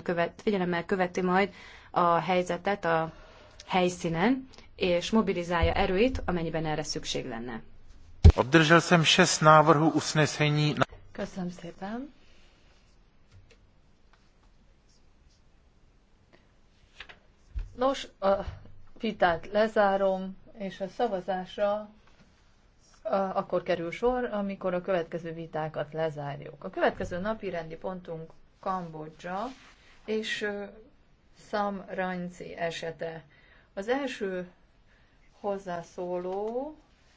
figyelem követ, figyelemmel követi majd a helyzetet a helyszínen, és mobilizálja erőit, amennyiben erre szükség lenne. Obdržel jsem šest návrhů usnesení. Köszönöm szépen. Nos, a vitát lezárom, és a szavazásra akkor kerül sor, amikor a következő vitákat lezárjuk. A következő napi rendi pontunk Kambodzsa és Sam Ranci esete. Az első hozzászóló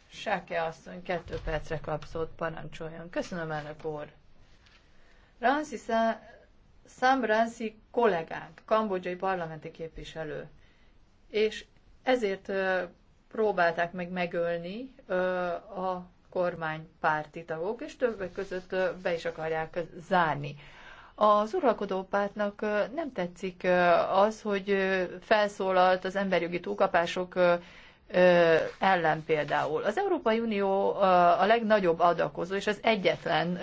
Sáke asszony kettő percre kapszott, parancsoljon. Köszönöm, elnök úr. Ranci Sam, Sam Ranci kollégánk, kambodzsai parlamenti képviselő, és ezért próbálták meg megölni a a párti tagok, és többek között be is akarják zárni az uralkodó pártnak nem tetszik az, hogy felszólalt az emberjogi túlkapások ellen például. Az Európai Unió a legnagyobb adakozó, és az egyetlen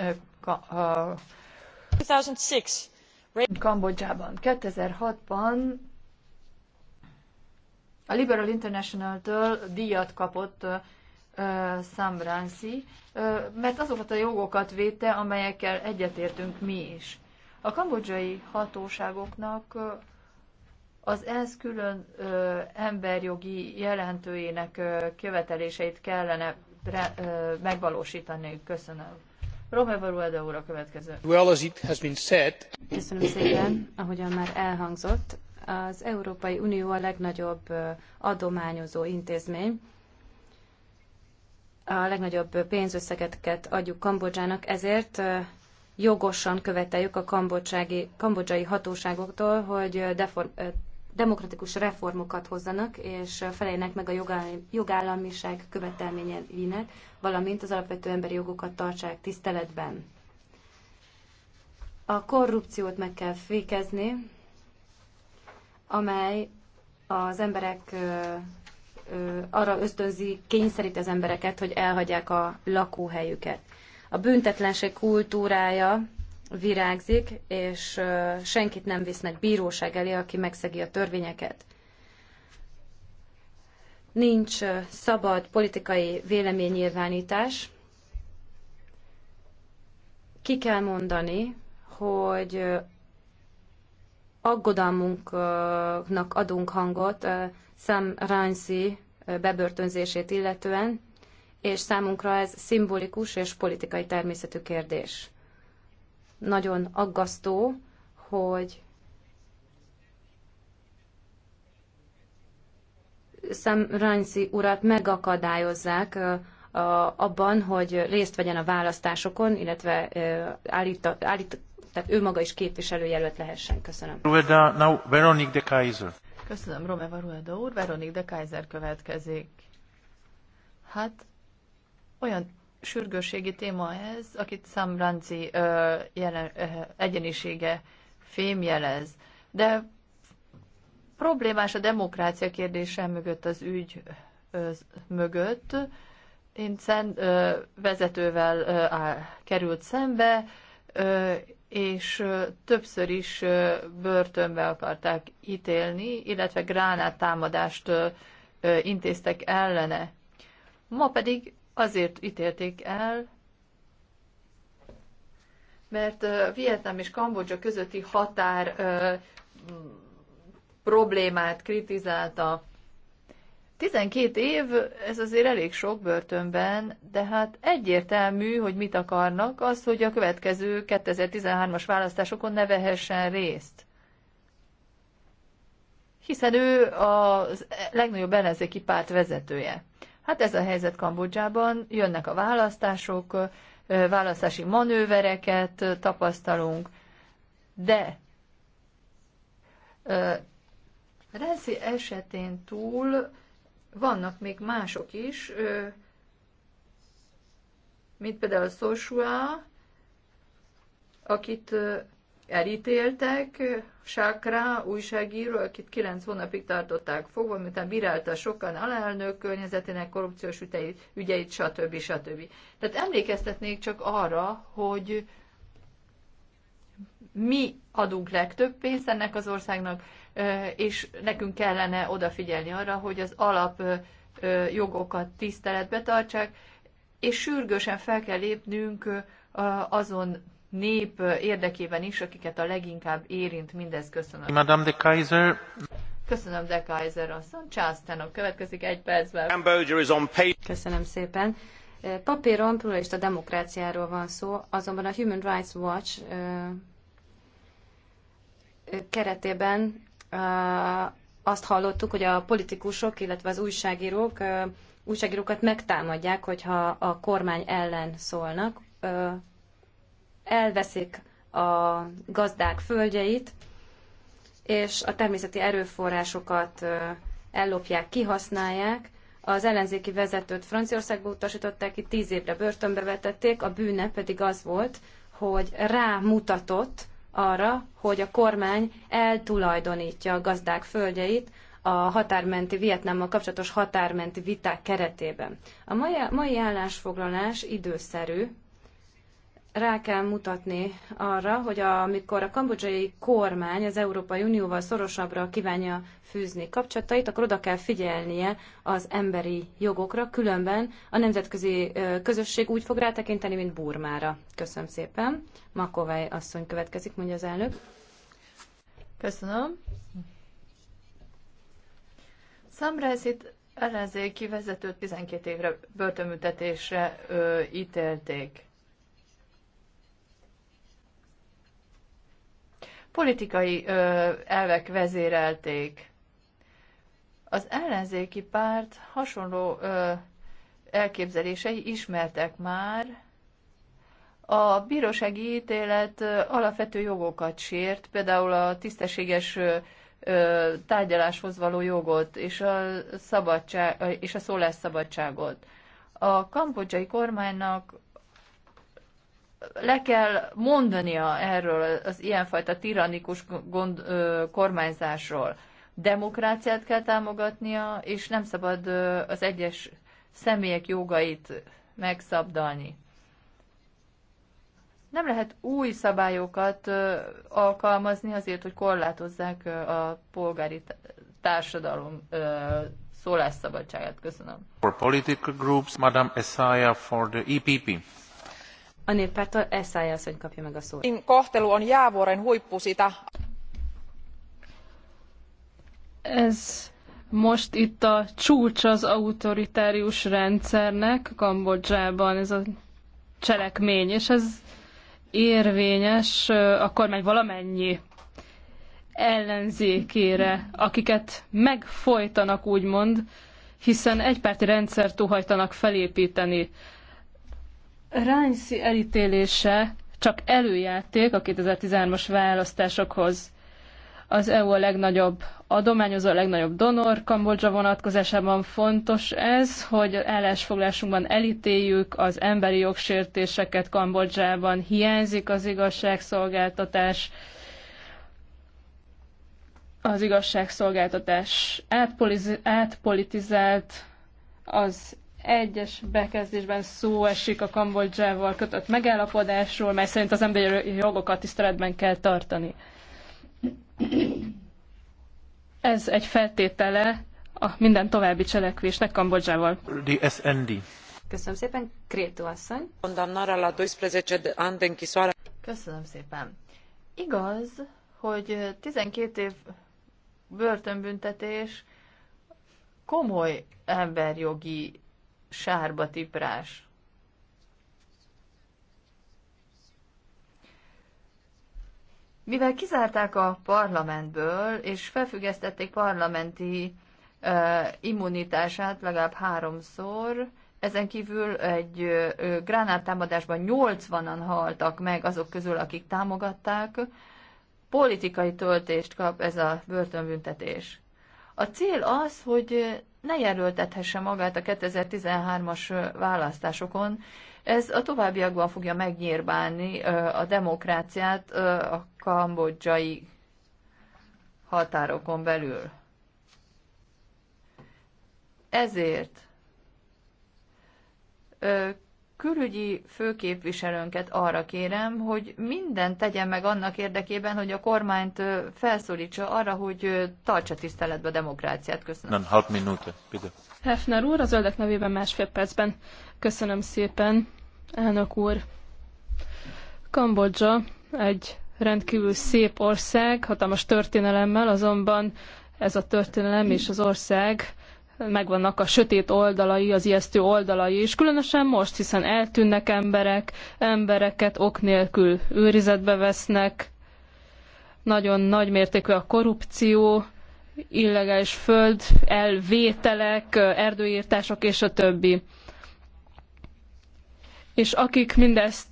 2006. Kambodzsában. 2006-ban a Liberal International-től díjat kapott Sam Ransi, mert azokat a jogokat védte, amelyekkel egyetértünk mi is. A kambodzsai hatóságoknak az ENSZ külön ö, emberjogi jelentőjének ö, követeléseit kellene re, ö, megvalósítani. Köszönöm. Romeva Rueda úr a következő. Well, as it has been said. Köszönöm szépen, ahogyan már elhangzott. Az Európai Unió a legnagyobb adományozó intézmény. A legnagyobb pénzösszegeket adjuk Kambodzsának, ezért jogosan követeljük a kambodzsai hatóságoktól, hogy deform, demokratikus reformokat hozzanak, és feleljenek meg a jogállamiság követelményeinek, valamint az alapvető emberi jogokat tartsák tiszteletben. A korrupciót meg kell fékezni, amely az emberek arra ösztönzi, kényszeríti az embereket, hogy elhagyják a lakóhelyüket a büntetlenség kultúrája virágzik, és senkit nem visznek bíróság elé, aki megszegi a törvényeket. Nincs szabad politikai véleménynyilvánítás. Ki kell mondani, hogy aggodalmunknak adunk hangot Sam Rainsy bebörtönzését illetően, és számunkra ez szimbolikus és politikai természetű kérdés. Nagyon aggasztó, hogy Sam Rainsy urat megakadályozzák abban, hogy részt vegyen a választásokon, illetve állít, állít, tehát ő maga is képviselőjelölt lehessen. Köszönöm. Now Veronique Kaiser. Köszönöm, Romeva Rueda úr. Veronique de Kaiser következik. Hát olyan sürgősségi téma ez, akit Sam ö, jelen, ö, egyenisége fémjelez. De problémás a demokrácia kérdése mögött az ügy ö, mögött. Én szent, ö, vezetővel ö, á, került szembe, ö, és többször is börtönbe akarták ítélni, illetve gránát támadást intéztek ellene. Ma pedig azért ítélték el, mert Vietnám és Kambodzsa közötti határ problémát kritizálta. 12 év, ez azért elég sok börtönben, de hát egyértelmű, hogy mit akarnak, az, hogy a következő 2013-as választásokon ne vehessen részt. Hiszen ő a legnagyobb ellenzéki párt vezetője. Hát ez a helyzet Kambodzsában, jönnek a választások, választási manővereket tapasztalunk, de Renzi esetén túl vannak még mások is, mint például Sosua, akit elítéltek, Sákra újságíró, akit kilenc hónapig tartották fogva, miután bírálta sokan alelnök környezetének korrupciós ügyeit, ügyeit, stb. stb. Tehát emlékeztetnék csak arra, hogy mi adunk legtöbb pénzt ennek az országnak, és nekünk kellene odafigyelni arra, hogy az alap jogokat tiszteletbe tartsák, és sürgősen fel kell lépnünk azon nép érdekében is, akiket a leginkább érint mindez. Köszönöm. Madame de Kaiser. Köszönöm, de Kaiser asszony. Tenok következik egy percben. Köszönöm szépen. Eh, papíron pluralista demokráciáról van szó, azonban a Human Rights Watch eh, eh, keretében azt hallottuk, hogy a politikusok, illetve az újságírók újságírókat megtámadják, hogyha a kormány ellen szólnak elveszik a gazdák földjeit, és a természeti erőforrásokat ellopják, kihasználják. Az ellenzéki vezetőt Franciaországba utasították, itt tíz évre börtönbe vetették, a bűne pedig az volt, hogy rámutatott arra, hogy a kormány eltulajdonítja a gazdák földjeit a határmenti Vietnámmal kapcsolatos határmenti viták keretében. A mai, mai állásfoglalás időszerű, rá kell mutatni arra, hogy amikor a kambodzsai kormány az Európai Unióval szorosabbra kívánja fűzni kapcsolatait, akkor oda kell figyelnie az emberi jogokra, különben a nemzetközi közösség úgy fog rátekinteni, mint Burmára. Köszönöm szépen. Makovály asszony következik, mondja az elnök. Köszönöm. Samrezit ellenzéki vezetőt 12 évre börtönbüntetésre ítélték. politikai ö, elvek vezérelték. Az ellenzéki párt hasonló ö, elképzelései ismertek már, a bírósági ítélet alapvető jogokat sért, például a tisztességes tárgyaláshoz való jogot és a, szabadság, és a szólásszabadságot. A kambodzsai kormánynak le kell mondania erről az ilyenfajta tiranikus gond, ö, kormányzásról. Demokráciát kell támogatnia, és nem szabad ö, az egyes személyek jogait megszabdalni. Nem lehet új szabályokat ö, alkalmazni azért, hogy korlátozzák ö, a polgári társadalom ö, szólásszabadságát. Köszönöm. For political groups, Madame Esaya for the EPP. A néppártól Eszály asszony a szót. Kohtelu on Jávoren huippu sitä. Ez most itt a csúcs az autoritárius rendszernek Kambodzsában, ez a cselekmény, és ez érvényes a kormány valamennyi ellenzékére, akiket megfojtanak úgymond, hiszen egypárti rendszert óhajtanak felépíteni. Rányszi elítélése csak előjáték a 2013-as választásokhoz. Az EU a legnagyobb adományozó, a legnagyobb donor. Kambodzsa vonatkozásában fontos ez, hogy állásfoglásunkban elítéljük az emberi jogsértéseket Kambodzsában. Hiányzik az igazságszolgáltatás, az igazságszolgáltatás átpolitizált, az egyes bekezdésben szó esik a Kambodzsával kötött megállapodásról, mely szerint az emberi jogokat tiszteletben kell tartani. Ez egy feltétele a minden további cselekvésnek Kambodzsával. DSND. Köszönöm szépen, Krétu asszony. Köszönöm szépen. Igaz, hogy 12 év börtönbüntetés komoly emberjogi sárba tiprás. Mivel kizárták a parlamentből, és felfüggesztették parlamenti uh, immunitását legalább háromszor, ezen kívül egy uh, gránáttámadásban 80-an haltak meg azok közül, akik támogatták, politikai töltést kap ez a börtönbüntetés. A cél az, hogy ne jelöltethesse magát a 2013-as választásokon. Ez a továbbiakban fogja megnyírbálni a demokráciát a kambodzsai határokon belül. Ezért külügyi főképviselőnket arra kérem, hogy mindent tegyen meg annak érdekében, hogy a kormányt felszólítsa arra, hogy tartsa tiszteletbe a demokráciát. Köszönöm. Nem, hat minút, Hefner úr, az öldek nevében másfél percben. Köszönöm szépen, elnök úr. Kambodzsa egy rendkívül szép ország, hatalmas történelemmel, azonban ez a történelem és az ország megvannak a sötét oldalai, az ijesztő oldalai is, különösen most, hiszen eltűnnek emberek, embereket ok nélkül őrizetbe vesznek, nagyon nagy mértékű a korrupció, illegális föld, elvételek, erdőírtások és a többi. És akik mindezt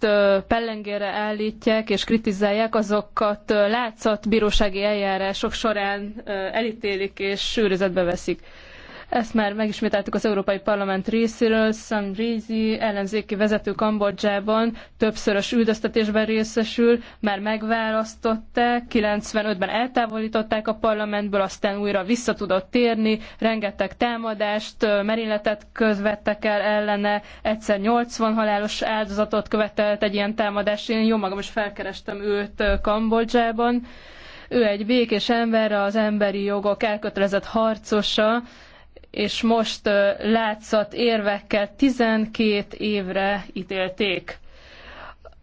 pellengére állítják és kritizálják, azokat látszat bírósági eljárások során elítélik és sűrűzetbe veszik. Ezt már megismételtük az Európai Parlament részéről. Sam Rizi ellenzéki vezető Kambodzsában többszörös üldöztetésben részesül, már megválasztották, 95-ben eltávolították a parlamentből, aztán újra vissza tudott térni, rengeteg támadást, merényletet közvettek el ellene, egyszer 80 halálos áldozatot követelt egy ilyen támadás. Én jó magam is felkerestem őt Kambodzsában. Ő egy békés ember, az emberi jogok elkötelezett harcosa, és most látszat érvekkel 12 évre ítélték.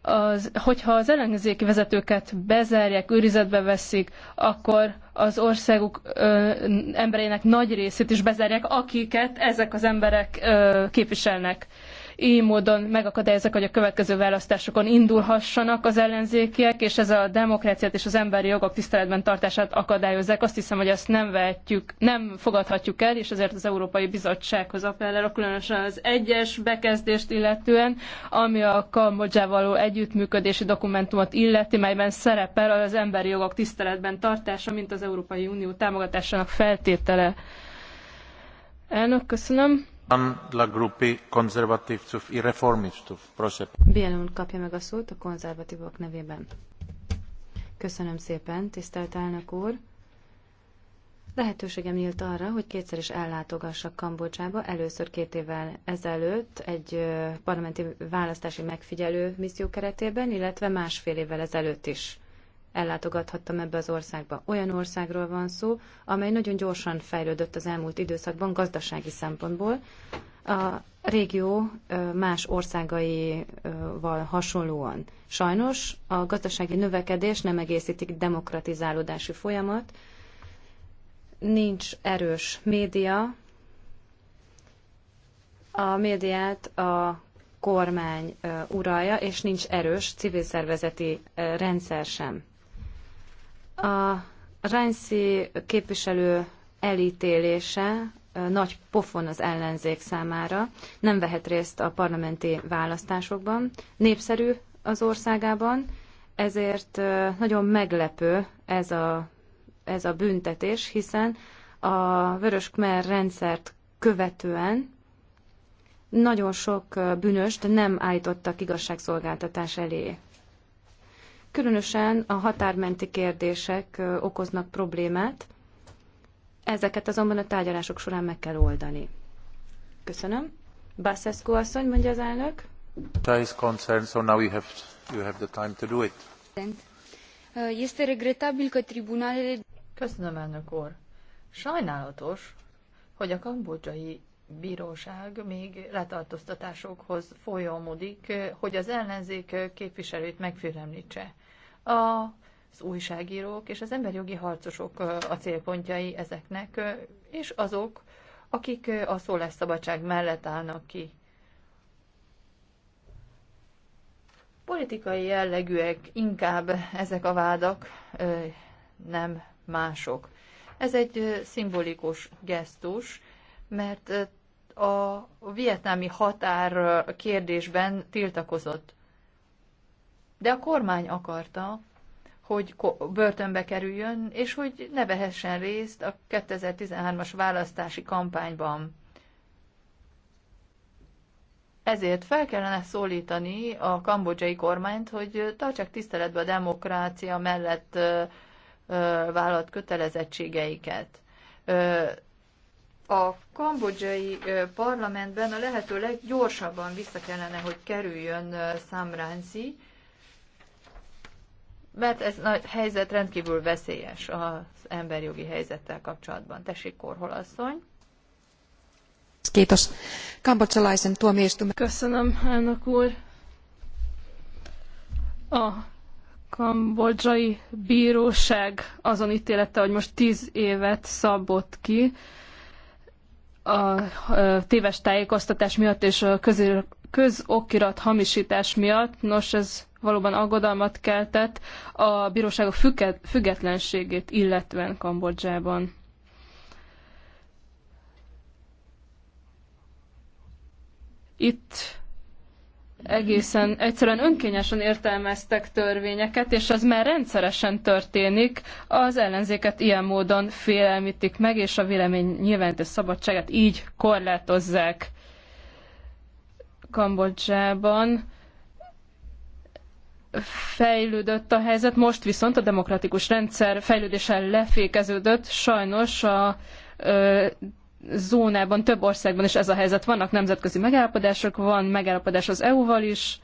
Az, hogyha az ellenzéki vezetőket bezárják, őrizetbe veszik, akkor az országuk ö, embereinek nagy részét is bezárják, akiket ezek az emberek ö, képviselnek így módon megakadályozzák, hogy a következő választásokon indulhassanak az ellenzékiek, és ez a demokráciát és az emberi jogok tiszteletben tartását akadályozzák. Azt hiszem, hogy ezt nem vehetjük, nem fogadhatjuk el, és ezért az Európai Bizottsághoz appellálok, különösen az egyes bekezdést illetően, ami a Kambodzsával való együttműködési dokumentumot illeti, melyben szerepel az emberi jogok tiszteletben tartása, mint az Európai Unió támogatásának feltétele. Elnök, köszönöm. Bielun kapja meg a szót a konzervatívok nevében. Köszönöm szépen, tisztelt elnök úr! Lehetőségem nyílt arra, hogy kétszer is ellátogassak Kambodzsába. Először két évvel ezelőtt egy parlamenti választási megfigyelő misszió keretében, illetve másfél évvel ezelőtt is ellátogathattam ebbe az országba. Olyan országról van szó, amely nagyon gyorsan fejlődött az elmúlt időszakban gazdasági szempontból. A régió más országaival hasonlóan. Sajnos a gazdasági növekedés nem egészítik demokratizálódási folyamat, nincs erős média, a médiát a kormány uralja, és nincs erős civil szervezeti rendszer sem. A Reinszi képviselő elítélése nagy pofon az ellenzék számára, nem vehet részt a parlamenti választásokban, népszerű az országában, ezért nagyon meglepő ez a, ez a büntetés, hiszen a vörös kmer rendszert követően nagyon sok bűnöst nem állítottak igazságszolgáltatás elé. Különösen a határmenti kérdések okoznak problémát, ezeket azonban a tárgyalások során meg kell oldani. Köszönöm. Basescu asszony, mondja az elnök. Is concerned, so now you have, you have the time to do it. Este regretabil că tribunalele... Köszönöm, elnök úr. Sajnálatos, hogy a kambodzsai bíróság még letartóztatásokhoz folyamodik, hogy az ellenzék képviselőt megfélemlítse a az újságírók és az emberjogi harcosok a célpontjai ezeknek, és azok, akik a szólásszabadság mellett állnak ki. Politikai jellegűek inkább ezek a vádak, nem mások. Ez egy szimbolikus gesztus, mert a vietnámi határ kérdésben tiltakozott de a kormány akarta, hogy börtönbe kerüljön, és hogy ne vehessen részt a 2013-as választási kampányban. Ezért fel kellene szólítani a kambodzsai kormányt, hogy tartsák tiszteletbe a demokrácia mellett vállalt kötelezettségeiket. A kambodzsai parlamentben a lehető leggyorsabban vissza kellene, hogy kerüljön Samránci, mert ez a helyzet rendkívül veszélyes az emberjogi helyzettel kapcsolatban. Tessék, Korhol asszony. Kiitos. Kambodzsalaisen Köszönöm, elnök úr. A kambodzsai bíróság azon ítélete, hogy most tíz évet szabott ki, a téves tájékoztatás miatt és a közokirat hamisítás miatt, nos ez valóban aggodalmat keltett a bíróság a függetlenségét illetően Kambodzsában. Itt egészen egyszerűen önkényesen értelmeztek törvényeket, és ez már rendszeresen történik. Az ellenzéket ilyen módon félelmítik meg, és a vélemény nyilvánítés szabadságát így korlátozzák. Kambodzsában fejlődött a helyzet, most viszont a demokratikus rendszer fejlődéssel lefékeződött. Sajnos a ö, zónában, több országban is ez a helyzet. Vannak nemzetközi megállapodások, van megállapodás az EU-val is,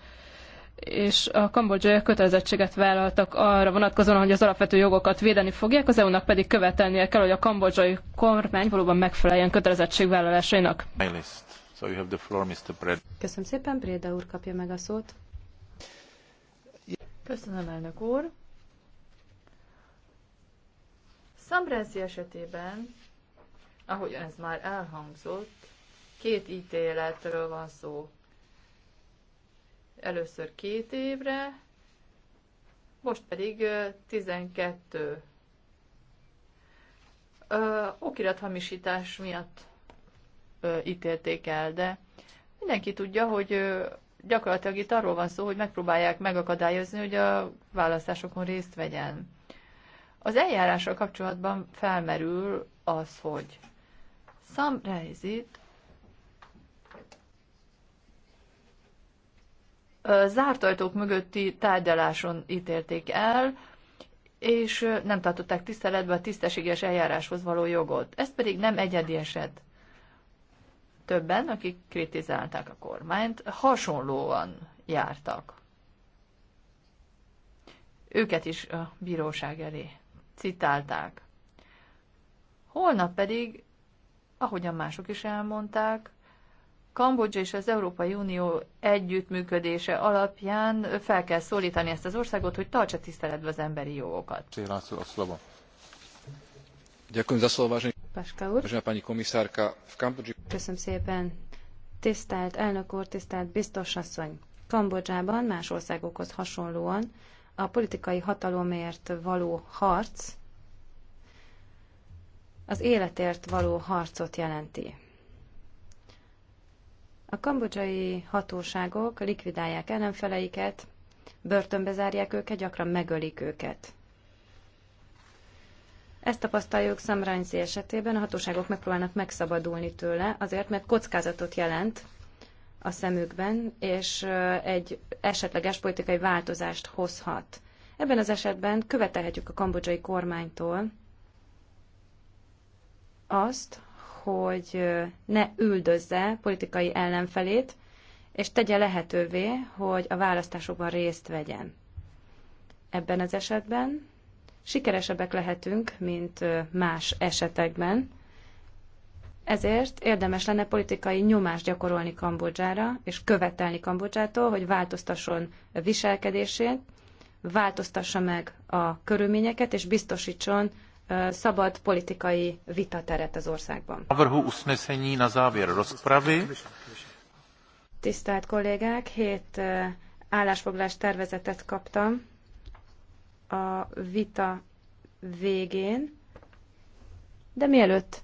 és a kambodzsai kötelezettséget vállaltak arra vonatkozóan, hogy az alapvető jogokat védeni fogják, az EU-nak pedig követelnie kell, hogy a kambodzsai kormány valóban megfeleljen kötelezettségvállalásainak. So you have the floor, Mr. Preda. Köszönöm szépen, Préda úr kapja meg a szót. Köszönöm, elnök úr. Szambrázi esetében, ahogy ez már elhangzott, két ítéletről van szó. Először két évre, most pedig 12. Ö, okirathamisítás miatt ítélték el, de mindenki tudja, hogy gyakorlatilag itt arról van szó, hogy megpróbálják megakadályozni, hogy a választásokon részt vegyen. Az eljárással kapcsolatban felmerül az, hogy Sam Reisit zárt ajtók mögötti tárgyaláson ítélték el, és nem tartották tiszteletbe a tisztességes eljáráshoz való jogot. Ez pedig nem egyedi eset többen, akik kritizálták a kormányt, hasonlóan jártak. Őket is a bíróság elé citálták. Holnap pedig, ahogyan mások is elmondták, Kambodzsa és az Európai Unió együttműködése alapján fel kell szólítani ezt az országot, hogy tartsa tiszteletbe az emberi jogokat. a a Köszönöm Ďakujem za slovo, vážená pani komisárka. a Kambodži Köszönöm szépen. Tisztelt elnök úr, tisztelt biztos asszony. Kambodzsában más országokhoz hasonlóan a politikai hatalomért való harc az életért való harcot jelenti. A kambodzsai hatóságok likvidálják ellenfeleiket, börtönbe zárják őket, gyakran megölik őket. Ezt tapasztaljuk Szamrányzi esetében, a hatóságok megpróbálnak megszabadulni tőle, azért, mert kockázatot jelent a szemükben, és egy esetleges politikai változást hozhat. Ebben az esetben követelhetjük a kambodzsai kormánytól azt, hogy ne üldözze politikai ellenfelét, és tegye lehetővé, hogy a választásokban részt vegyen. Ebben az esetben sikeresebbek lehetünk, mint más esetekben. Ezért érdemes lenne politikai nyomást gyakorolni Kambodzsára, és követelni Kambodzsától, hogy változtasson viselkedését, változtassa meg a körülményeket, és biztosítson szabad politikai vitateret az országban. Tisztelt kollégák, hét állásfoglalás tervezetet kaptam a vita végén, de mielőtt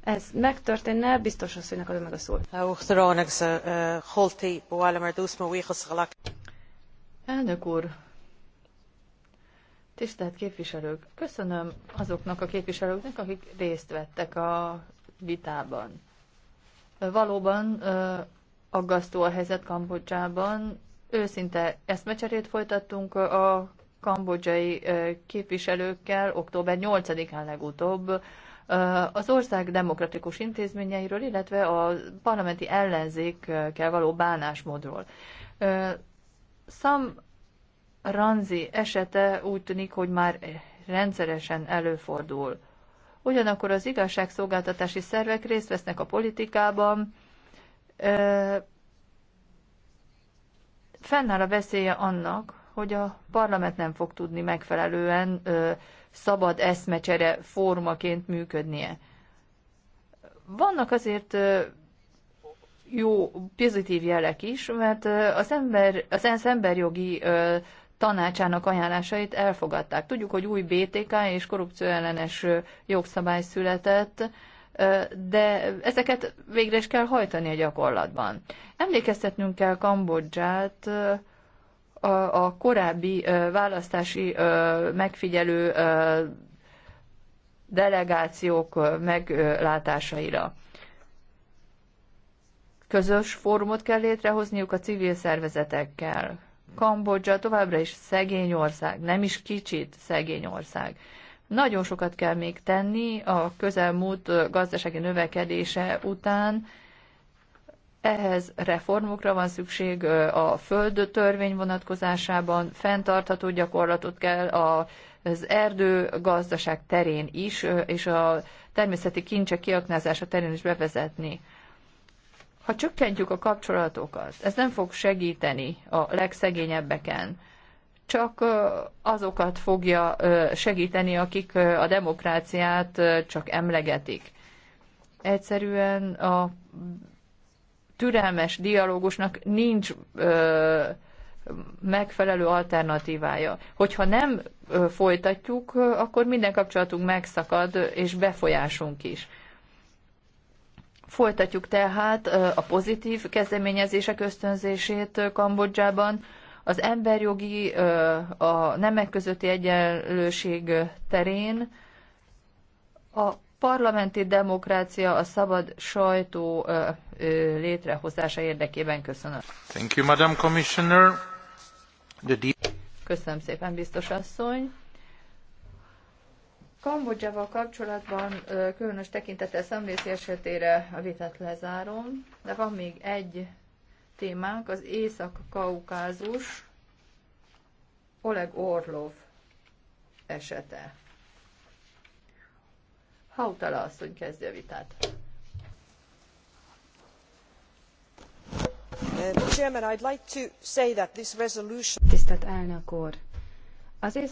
ez megtörténne, biztos hogy adom meg a szót. Elnök úr, tisztelt képviselők, köszönöm azoknak a képviselőknek, akik részt vettek a vitában. Valóban aggasztó a helyzet Kambodzsában, őszinte eszmecserét folytattunk a kambodzsai képviselőkkel október 8-án legutóbb az ország demokratikus intézményeiről, illetve a parlamenti ellenzékkel való bánásmódról. Sam Ranzi esete úgy tűnik, hogy már rendszeresen előfordul. Ugyanakkor az igazságszolgáltatási szervek részt vesznek a politikában, fennáll a veszélye annak, hogy a parlament nem fog tudni megfelelően ö, szabad eszmecsere formaként működnie. Vannak azért ö, jó pozitív jelek is, mert az, ember, az ENSZ emberjogi ö, tanácsának ajánlásait elfogadták. Tudjuk, hogy új BTK és korrupcióellenes jogszabály született, de ezeket végre is kell hajtani a gyakorlatban. Emlékeztetnünk kell Kambodzsát, a korábbi választási megfigyelő delegációk meglátásaira. Közös fórumot kell létrehozniuk a civil szervezetekkel. Kambodzsa továbbra is szegény ország, nem is kicsit szegény ország. Nagyon sokat kell még tenni a közelmúlt gazdasági növekedése után, ehhez reformokra van szükség a föld törvény vonatkozásában, fenntartható gyakorlatot kell az erdő gazdaság terén is, és a természeti kincsek kiaknázása terén is bevezetni. Ha csökkentjük a kapcsolatokat, ez nem fog segíteni a legszegényebbeken, csak azokat fogja segíteni, akik a demokráciát csak emlegetik. Egyszerűen a türelmes dialógusnak nincs ö, megfelelő alternatívája. Hogyha nem ö, folytatjuk, akkor minden kapcsolatunk megszakad, és befolyásunk is. Folytatjuk tehát a pozitív kezdeményezések ösztönzését Kambodzsában, az emberjogi, a nemek közötti egyenlőség terén, a parlamenti demokrácia, a szabad sajtó létrehozása érdekében köszönöm. Thank you, Madam Commissioner. The Köszönöm szépen, biztos asszony. Kambodzsával kapcsolatban különös tekintettel szemlészi esetére a vitát lezárom, de van még egy témánk, az Észak-Kaukázus, Oleg Orlov esete. Hautala asszony kezdi a vitát. Uh, Tisztelt elnök úr! Az